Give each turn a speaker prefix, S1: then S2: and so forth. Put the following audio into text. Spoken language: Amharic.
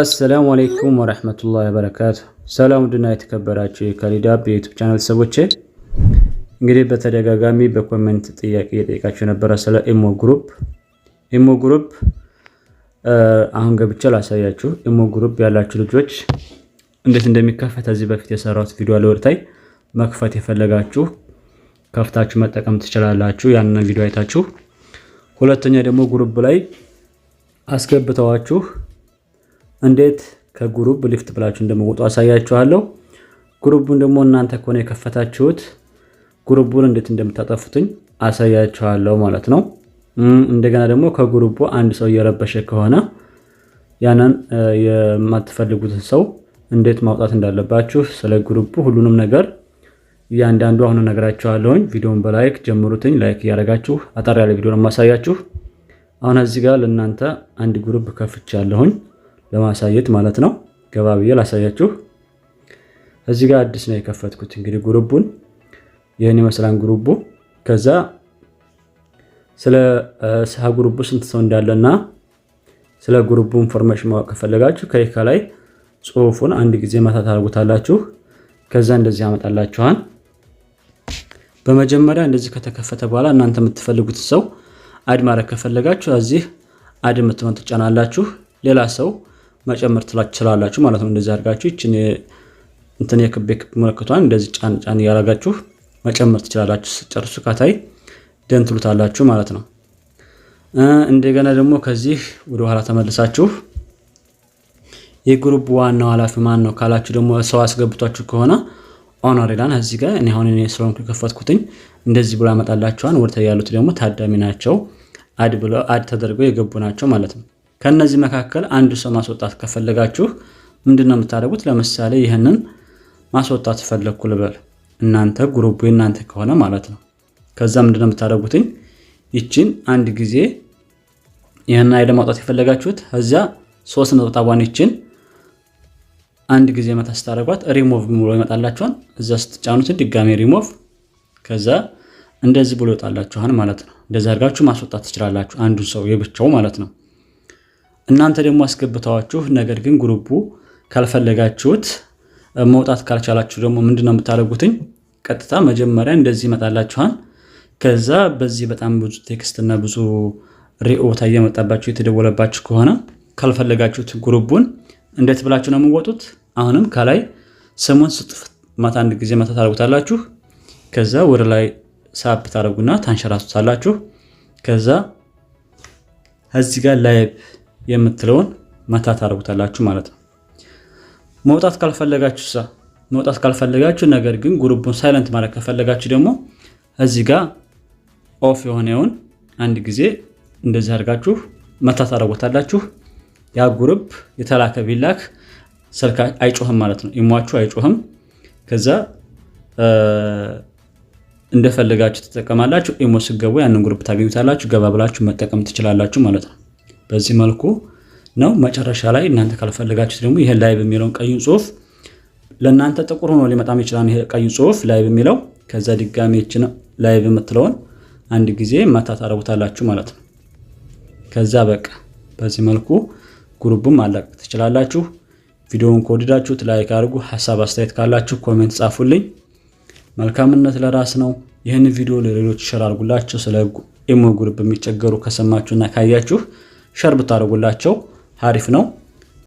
S1: አሰላሙ አለይኩም ወረህመቱላሂ ወበረካቱ። ሰላም ድና የተከበራችሁ የካሊዳ የዩቱብ ቻናል ሰዎቼ እንግዲህ በተደጋጋሚ በኮሜንት ጥያቄ የጠየቃችሁ የነበረ ስለ ኢሞ ግሩፕ። ኢሞ ግሩፕ አሁን ገብቼ ላሳያችሁ። ኢሞ ግሩፕ ያላችሁ ልጆች እንዴት እንደሚከፈት ከዚህ በፊት የሰራሁት ቪዲዮ ለወርታይ መክፈት የፈለጋችሁ ከፍታችሁ መጠቀም ትችላላችሁ። ያንን ቪዲዮ አይታችሁ ሁለተኛ ደግሞ ግሩፕ ላይ አስገብተዋችሁ እንዴት ከጉሩብ ሊፍት ብላችሁ እንደምወጡ አሳያችኋለሁ። ጉሩቡን ደግሞ እናንተ ከሆነ የከፈታችሁት ጉሩቡን እንዴት እንደምታጠፉትኝ አሳያችኋለሁ ማለት ነው። እንደገና ደግሞ ከጉሩቡ አንድ ሰው እየረበሸ ከሆነ ያንን የማትፈልጉትን ሰው እንዴት ማውጣት እንዳለባችሁ ስለ ጉሩቡ ሁሉንም ነገር እያንዳንዱ አሁን ነገራችኋለሁኝ። ቪዲዮን በላይክ ጀምሩትኝ። ላይክ እያደረጋችሁ አጠር ያለ ቪዲዮ ነው የማሳያችሁ። አሁን እዚህ ጋር ለእናንተ አንድ ጉሩብ ከፍቻለሁኝ። ለማሳየት ማለት ነው። ገባ ብዬ ላሳያችሁ። እዚህ ጋር አዲስ ነው የከፈትኩት። እንግዲህ ጉሩቡን ይህን ይመስላል ጉሩቡ። ከዛ ስለ ስሀ ጉሩቡ ስንት ሰው እንዳለና ስለ ጉሩቡ ኢንፎርሜሽን ማወቅ ከፈለጋችሁ ከይካ ላይ ጽሁፉን አንድ ጊዜ መታ ታደርጉታላችሁ። ከዛ እንደዚህ ያመጣላችኋል። በመጀመሪያ እንደዚህ ከተከፈተ በኋላ እናንተ የምትፈልጉት ሰው አድ ማድረግ ከፈለጋችሁ እዚህ አድ የምትሆን ትጫናላችሁ። ሌላ ሰው መጨመር ትችላላችሁ ማለት ነው። እንደዚህ አድርጋችሁ ይችን እንትን የክብ የክብ ምልክቷን እንደዚህ ጫን ጫን እያደረጋችሁ መጨመር ትችላላችሁ። ስጨርሱ ከታይ ደን ትሉታላችሁ ማለት ነው። እንደገና ደግሞ ከዚህ ወደ ኋላ ተመልሳችሁ የግሩፕ ዋናው ኃላፊ ማን ነው ካላችሁ ደግሞ ሰው አስገብቷችሁ ከሆነ ኦነር ይላል እዚህ ጋር። እኔ አሁን እኔ ስለሆንኩ የከፈትኩትኝ እንደዚህ ብሎ ያመጣላችኋል። ወርተ ያሉት ደግሞ ታዳሚ ናቸው፣ አድ ብለው አድ ተደርገው የገቡ ናቸው ማለት ነው። ከእነዚህ መካከል አንድ ሰው ማስወጣት ከፈለጋችሁ ምንድን ነው የምታደርጉት? ለምሳሌ ይህንን ማስወጣት ፈለግኩ ልበል፣ እናንተ ግሩቡ እናንተ ከሆነ ማለት ነው። ከዛ ምንድን ነው የምታደርጉትኝ? ይችን አንድ ጊዜ ይህን አይደ ማውጣት የፈለጋችሁት እዚያ ሶስት ነጠብጣቧን ይችን አንድ ጊዜ መታ ስታደርጓት ሪሞቭ ብሎ ይመጣላችኋል። እዛ ስትጫኑትን ድጋሜ ሪሞቭ ከዛ እንደዚህ ብሎ ይወጣላችኋል ማለት ነው። እንደዚህ አድርጋችሁ ማስወጣት ትችላላችሁ፣ አንዱን ሰው የብቻው ማለት ነው። እናንተ ደግሞ አስገብተዋችሁ ነገር ግን ጉሩቡ ካልፈለጋችሁት መውጣት ካልቻላችሁ ደግሞ ምንድን ነው የምታደርጉትኝ? ቀጥታ መጀመሪያ እንደዚህ ይመጣላችኋል። ከዛ በዚህ በጣም ብዙ ቴክስትና ብዙ ሪኦታ እየመጣባችሁ የተደወለባችሁ ከሆነ ካልፈለጋችሁት ግሩቡን እንዴት ብላችሁ ነው የምወጡት? አሁንም ከላይ ስሙን ስጥፍ ማታ አንድ ጊዜ መታ ታደርጉታላችሁ። ከዛ ወደ ላይ ሳፕ ታደርጉና ታንሸራቱታላችሁ። ከዛ እዚህ ጋር ላይቭ የምትለውን መታ ታደርጉታላችሁ ማለት ነው። መውጣት ካልፈለጋችሁ ሳ መውጣት ካልፈለጋችሁ ነገር ግን ጉሩቡን ሳይለንት ማለት ከፈለጋችሁ ደግሞ እዚህ ጋር ኦፍ የሆነውን አንድ ጊዜ እንደዚህ አድርጋችሁ መታ ታደርጉታላችሁ። ያ ጉሩብ የተላከ ቢላክ ስልክ አይጮህም ማለት ነው። ኢሟችሁ አይጮህም። ከዛ እንደፈለጋችሁ ትጠቀማላችሁ። ኢሞ ስገቡ ያንን ግሩፕ ታገኙታላችሁ። ገባ ብላችሁ መጠቀም ትችላላችሁ ማለት ነው። በዚህ መልኩ ነው። መጨረሻ ላይ እናንተ ካልፈለጋችሁት ደግሞ ይሄ ላይቭ የሚለውን ቀይ ጽሁፍ ለእናንተ ጥቁር ሆኖ ሊመጣም ይችላል። ይሄ ቀዩ ጽሁፍ ላይቭ የሚለው ከዛ ድጋሚ ይችን ላይቭ የምትለውን አንድ ጊዜ መታ ታረጉታላችሁ ማለት ነው። ከዛ በቃ በዚህ መልኩ ግሩቡም ማላቀቅ ትችላላችሁ። ቪዲዮውን ከወደዳችሁት ላይክ አድርጉ። ሀሳብ አስተያየት ካላችሁ ኮሜንት ጻፉልኝ። መልካምነት ለራስ ነው። ይህን ቪዲዮ ለሌሎች ሸር አድርጉላቸው። ስለ ኢሞ ግሩፕ የሚቸገሩ ከሰማችሁና ካያችሁ ሸር ብታደርጉላቸው አሪፍ ነው።